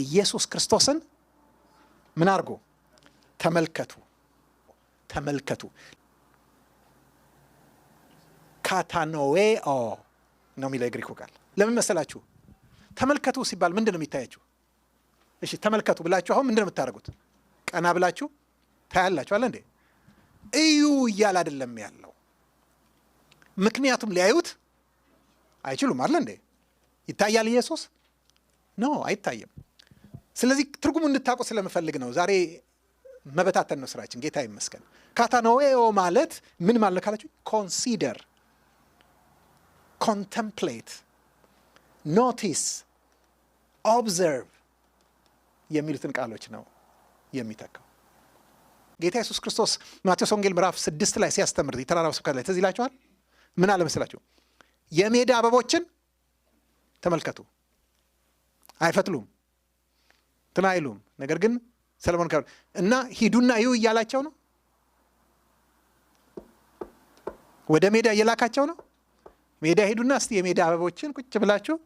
ኢየሱስ ክርስቶስን ምን አድርጎ ተመልከቱ ተመልከቱ ካታኖዌኦ ነው የሚለው የግሪኩ ቃል። ለምን መሰላችሁ? ተመልከቱ ሲባል ምንድን ነው የሚታያችሁ? እሺ ተመልከቱ ብላችሁ አሁን ምንድን ነው የምታደርጉት? ቀና ብላችሁ ታያላችሁ አለ እንዴ? እዩ እያል አይደለም ያለው። ምክንያቱም ሊያዩት አይችሉም አለ እንዴ? ይታያል ኢየሱስ? ኖ አይታይም። ስለዚህ ትርጉሙ እንድታውቁ ስለምፈልግ ነው። ዛሬ መበታተን ነው ስራችን። ጌታ ይመስገን። ካታኖዌዮ ማለት ምን ማለት ካላችሁ፣ ኮንሲደር፣ ኮንተምፕሌት፣ ኖቲስ፣ ኦብዘርቭ የሚሉትን ቃሎች ነው የሚተካው። ጌታ ኢየሱስ ክርስቶስ ማቴዎስ ወንጌል ምዕራፍ ስድስት ላይ ሲያስተምር የተራራው ስብከት ላይ ትዝ ይላችኋል። ምን አለመስላችሁ? መስላችሁ? የሜዳ አበቦችን ተመልከቱ፣ አይፈትሉም እንትን አይሉም። ነገር ግን ሰለሞን ከብ እና ሂዱና ይሁ እያላቸው ነው ወደ ሜዳ እየላካቸው ነው። ሜዳ ሄዱና እስቲ የሜዳ አበቦችን ቁጭ ብላችሁ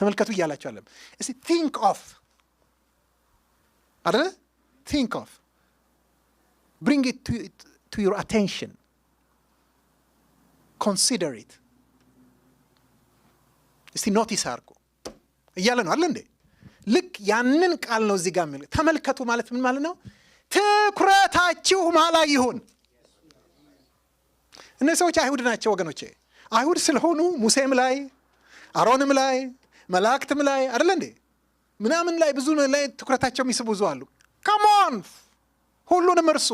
ተመልከቱ እያላቸው አለም። እስ ቲንክ ኦፍ አይደለ? ቲንክ ኦፍ ብሪንግ ኢት ቱ ዩር አቴንሽን ኮንሲደር ኢት እስቲ ኖቲስ አርጎ እያለ ነው አለ እንዴ ልክ ያንን ቃል ነው እዚህ ጋር ተመልከቱ ማለት ምን ማለት ነው? ትኩረታችሁ ማላ ይሁን። እነዚህ ሰዎች አይሁድ ናቸው ወገኖቼ። አይሁድ ስለሆኑ ሙሴም ላይ አሮንም ላይ መላእክትም ላይ አደለ እንዴ ምናምን ላይ ብዙ ላይ ትኩረታቸው የሚስቡ ብዙ አሉ። ከሞን ሁሉንም እርሱ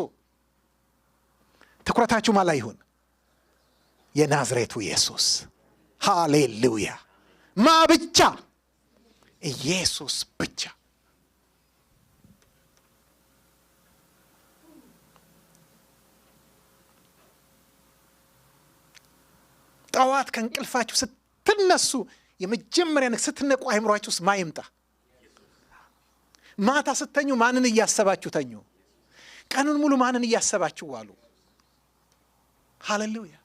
ትኩረታችሁ ማላ ይሁን። የናዝሬቱ ኢየሱስ ሃሌሉያ ማ ብቻ ኢየሱስ ብቻ። ጠዋት ከእንቅልፋችሁ ስትነሱ የመጀመሪያ ንግ ስትነቁ አይምሯችሁ ውስጥ ማይምጣ። ማታ ስተኙ ማንን እያሰባችሁ ተኙ? ቀኑን ሙሉ ማንን እያሰባችሁ ዋሉ? ሃሌሉያ